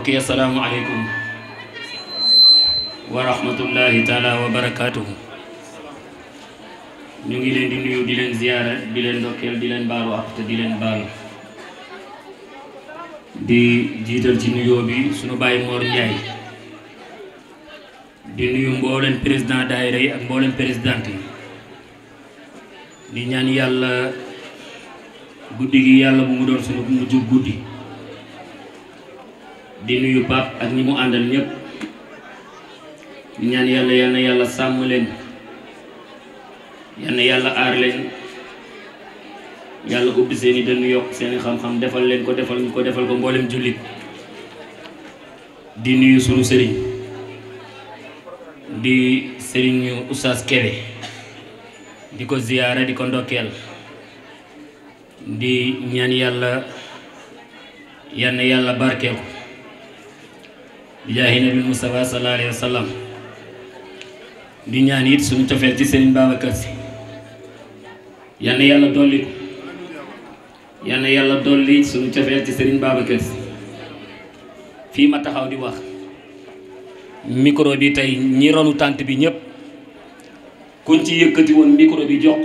mbokk yi asalaamualeykum wa rahmatullahi wa barakaatuhu ñu ngi leen di nuyu di leen ziyaara di leen ndokkeel di leen baalu ak di leen baalu di jiital ci nuyoo bi suñu bàyyi Mor Njaay di nuyu mbooleen président daayira yi ak mbooleen présidente yi di ñaan yàlla guddi gi yàlla bu mu doon suñu mujj guddi di nuyu Pape ak ñi mu àndal ñëpp ñaan yàlla yal na yàlla sàmm leen yal yàlla aar leen yàlla ubbi seen i dënn yokk seeni i xam-xam defal leen ko defal ñu ko defal ko mboolem jullit di nuyu sunu sëriñ di sëriñu Oustaz Kébé di ko ziyaara di ko ndokkeel di ñaan yàlla yal yàlla barkeel jaahi nabi Mustafa sallallahu alayhi wa di ñaan it suñu cofeel ci Serigne Babacar Sy yal na yàlla dolli yàlla dolli suñu cofeel ci Serigne Babacar Sy fii ma taxaw di wax micro bi tey ñi ronu tant bi ñëpp kuñ ci yëkkati woon micro bi jox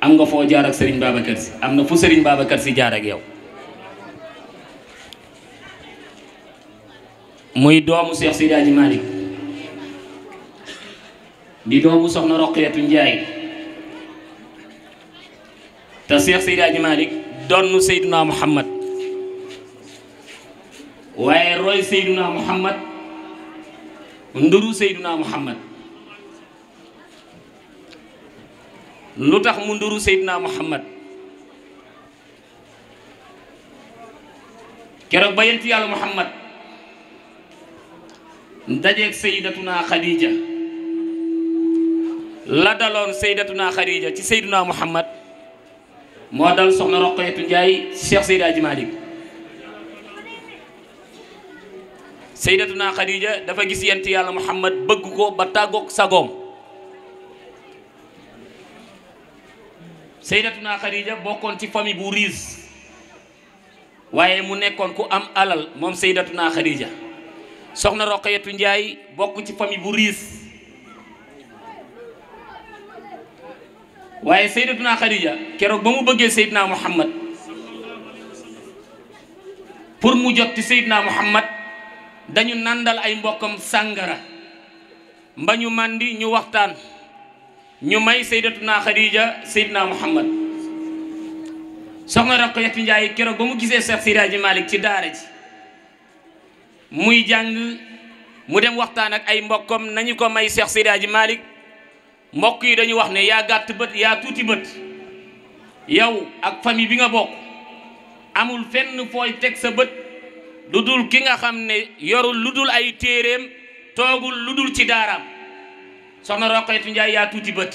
am nga foo jaar ak Serigne Babacar Sy am na fu Serigne Babacar Sy jaar ak yow. muy doomu Cheikh Seydi Hadji Malick di doomu soxna Roqeetu Njaay te Cheikh Seydi Hadji Malick donnu Seydina Muhammad waaye roy Seydina Muhammad nduru Seydina Muhammad lu tax mu nduru Seydina Muhammad keroog ba yent yàlla Muhammad dajeeg sayyidatuna Khadija la daloon sayyidatuna Khadija ci sayyiduna Muhammad moo dal soxna Roqeetu Njaay Cheikh Seydi Aji Malick dafa gis yent yàlla Muhammad bëgg ko ba tàggoog sagoom sayyidatuna Khadija bokkoon ci famille bu riis waaye mu nekkoon ku am alal moom sayyidatuna Khadija soxna Roqayatu Njaay bokk ci famille bu riis waaye Sayyidatuna Khadija keroog ba mu bëggee Seydina Muhammad pour mu jot ci Seydina Muhammad dañu nandal ay mbokkam sàngara mba ñu màndi ñu waxtaan ñu may Sayyidatuna Khadija Seydina Muhammad soxna Roqayatu Njaay keroog ba mu gisee Cheikh Siraaji Malik ci daara ji muy jàng mu dem waxtaan ak ay mbokkam nañu ko may Cheikh Seydi Hadji Malick mbokk yi dañu wax ne yaa gàtt bët yaa tuuti bët yow ak famille bi nga bokk amul fenn fooy teg sa bët lu dul ki nga xam ne yorul lu dul ay téereem toogul lu dul ci daaraam soxna Roqaytu Njaay yaa tuuti bët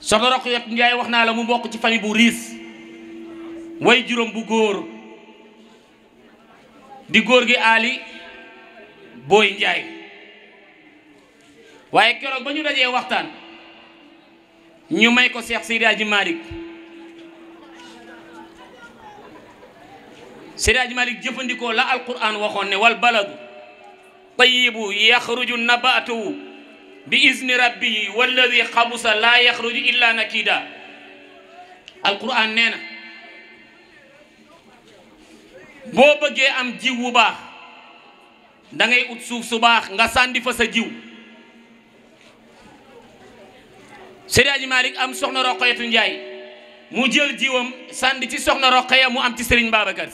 soxna Roqaytu Njaay wax naa la mu mbokk ci famille bu riis way juróom bu góor di góor gi Ali Boy Njaay waaye keroog ba ñu dajee waxtaan ñu may ko Seex Seydi Aji Malick Seydi Aji Malick jëfandikoo la alquran waxoon ne wal baladu tayibu yaxruju nabatuhu bi izni rabbihi walladi xabusa laa yaxruju illa nakida alquran nee na boo bëggee am jiw bu baax dangay ut suuf su baax nga sàndi fa sa jiw Seydi malik am soxna Roqayatu Njaay mu jël jiwam sàndi ci soxna Roqaya mu am ci Sëriñ Babacar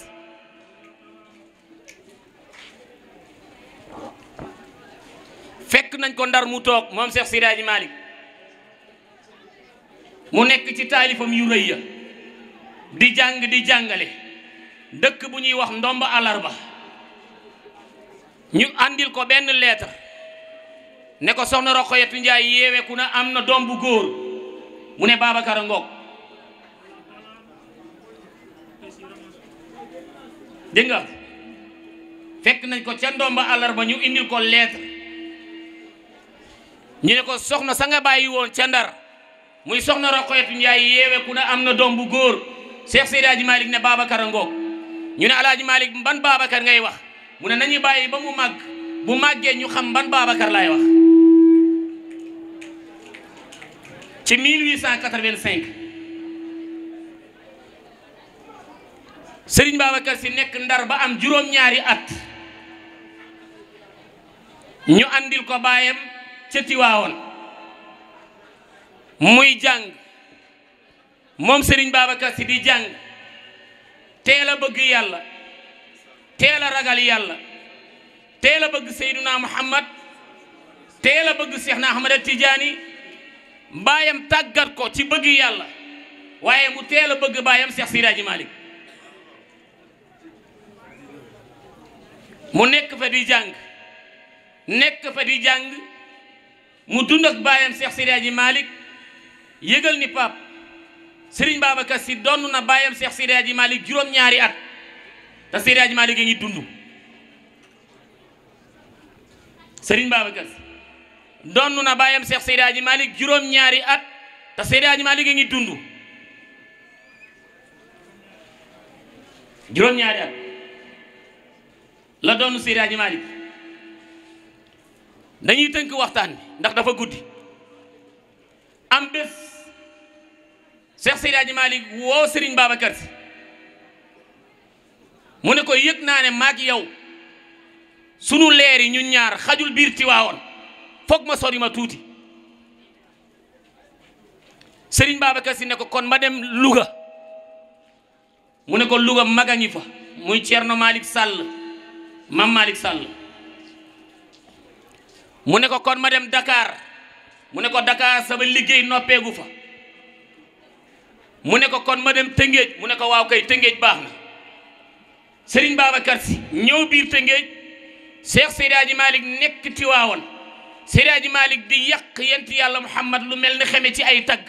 fekk nañ ko ndar mu toog moom Cheikh Seydi Hadji mu nekk ci taalifam yu rëy ya di jàng di jàngale dëkk bu ñuy wax ndomba alarba ñu àndil ko benn lettre ne ko soxna Roqoyatu Njaay yeeweku na am na doom bu góor mu ne Babacar a ngoog dégg nga fekk nañ ko ca ndomba alarba ñu indil ko lettre ñu ne ko soxna sa nga bàyyi woon ca ndar muy soxna Roqoyatu Njaay yeeweku na am na doom bu góor Cheikh Seydi Hadji Malick ne Babacar a ngoog ñu ne alaaji Malick ban Babacar ngay wax mu ne nañu bàyyi ba mu màgg bu màggee ñu xam ban Babacar laay wax ci 1885 Sëriñ Babacar si nekk ndar ba am juróom-ñaari at ñu andil ko baayam ca Tiwaawoon muy jàng moom Sëriñ Babacar si di jàng teel a bëgg yàlla teela ragal yàlla teel a bëgg Seyduna Muhammad teel a bëgg Seexna Ahmada Tijaani baayam tàggat ko ci bëgg yàlla waaye mu teel a bëgg baayam Seex Sidaaji Malik mu nekk fa di nekk fa di jàng mu dund ak baayam Seex Sidaaji Malik yëgal ni pap Serigne Babacar yi donn na bàyyam Cheikh Seydi ji Malick juróom-ñaari at te Seydi Hadji Malick a ngi dund Serigne na bàyyam Cheikh Seydi Hadji Malick juróom-ñaari at te Seydi Hadji Malick a ngi dund juróom-ñaari at la doon Seydi Hadji Malick dañuy tënk waxtaan bi ndax dafa guddi am bés Cheikh Seydi Hadji Malick woo Serigne Babacar Sy mu ne ko yëg naa ne maag yow sunu leer yi ñun ñaar xajul biir Tiwaawoon foog ma sori ma tuuti Serigne Babacar Sy ne ko kon ma dem Louga mu ne ko Louga mag a ngi fa muy Thierno Malick Sall Mam Malick Sall mu ne ko kon ma dem dakaar mu ne ko dakaar sama liggéey noppeegu fa mu ne ko kon ma dem tëngéej mu ne ko waaw kay tëngéej baax na sëriñ Babacar si ñëw biir tëngéej Cheikh Seydi Hadji Malick nekk Tiwaawoon Seydi Hadji Malick di yàq yent yàlla Muhammad lu mel ni xeme ci ay tagg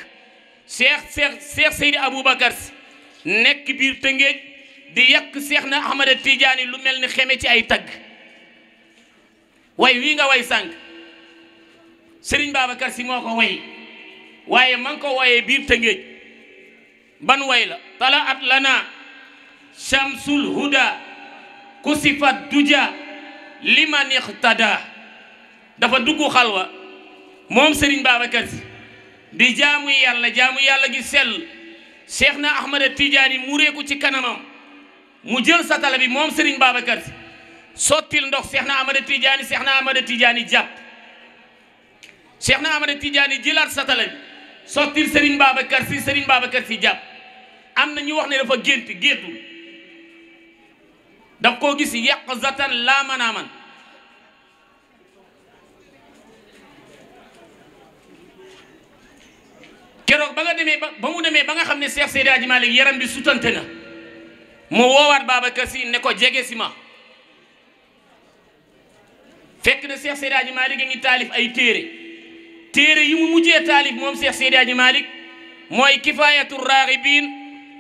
Cheikh Cheikh Cheikh Seydi si nekk biir tëngéej di yàq Cheikh na Ahmada Tidiane lu mel ni xeme ci ay tagg way wii nga way sànq sëriñ Babacar si moo ko way waaye ma ngi ko wooyee biir tëngéej ban way la talaat lana shamsul huda kusifat duja liman ixtada dafa dugg xalwa moom Serigne Babacar Sy di jaamu yàlla jaamu yàlla gi sell Cheikh na Ahmada Tidiane mu réeku ci kanamam mu jël satala bi moom Serigne Babacar Sy sottil ndox Cheikh na Ahmada Tidiane Cheikh na Ahmada Tidiane jàpp Cheikh na Ahmada Tidiane jëlaat satala bi sottil Serigne Babacar si Serigne Babacar si jàpp am na ñu wax ne dafa gént géntul daf koo gis yàq zatan laa man keroog ba nga demee ba ba mu demee ba nga xam ne Cheikh Seydi Hadji Malick yaram bi sutante na mu woowaat Babacar si ne ko jege si ma fekk na Cheikh Seydi Hadji Malick ngi taalif ay téere téere yi mu mujjee taalif moom Cheikh Seydi Hadji Malick mooy kifaayatu raaxibiin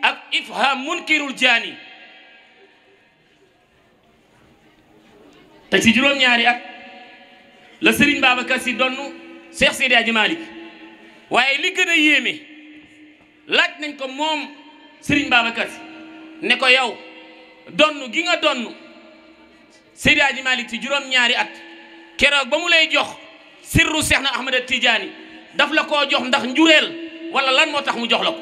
ak ifham munkirul jaani te ci juróom-ñaari at la Serigne Babacar Sy donn Cheikh Seydi Hadji Malick waaye li gën a yéeme laaj nañ ko moom Serigne Babacar ne ko yow donn gi nga donn Seydi Hadji Malick ci juróom-ñaari at keroog ba mu lay jox sirru seex na Ahmada Tijaani daf la ko jox ndax njureel wala lan moo tax mu jox la ko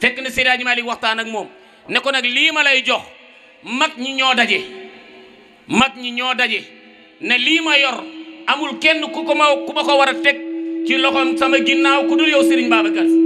fekk na Seydi Hadji Malick waxtaan ak moom ne ko nag lii ma lay jox mag ñi ñoo daje mag ñi ñoo daje ne lii ma yor amul kenn ku ko ma ku ma ko war a teg ci loxoom sama ginnaaw ku dul yow Serigne Babacar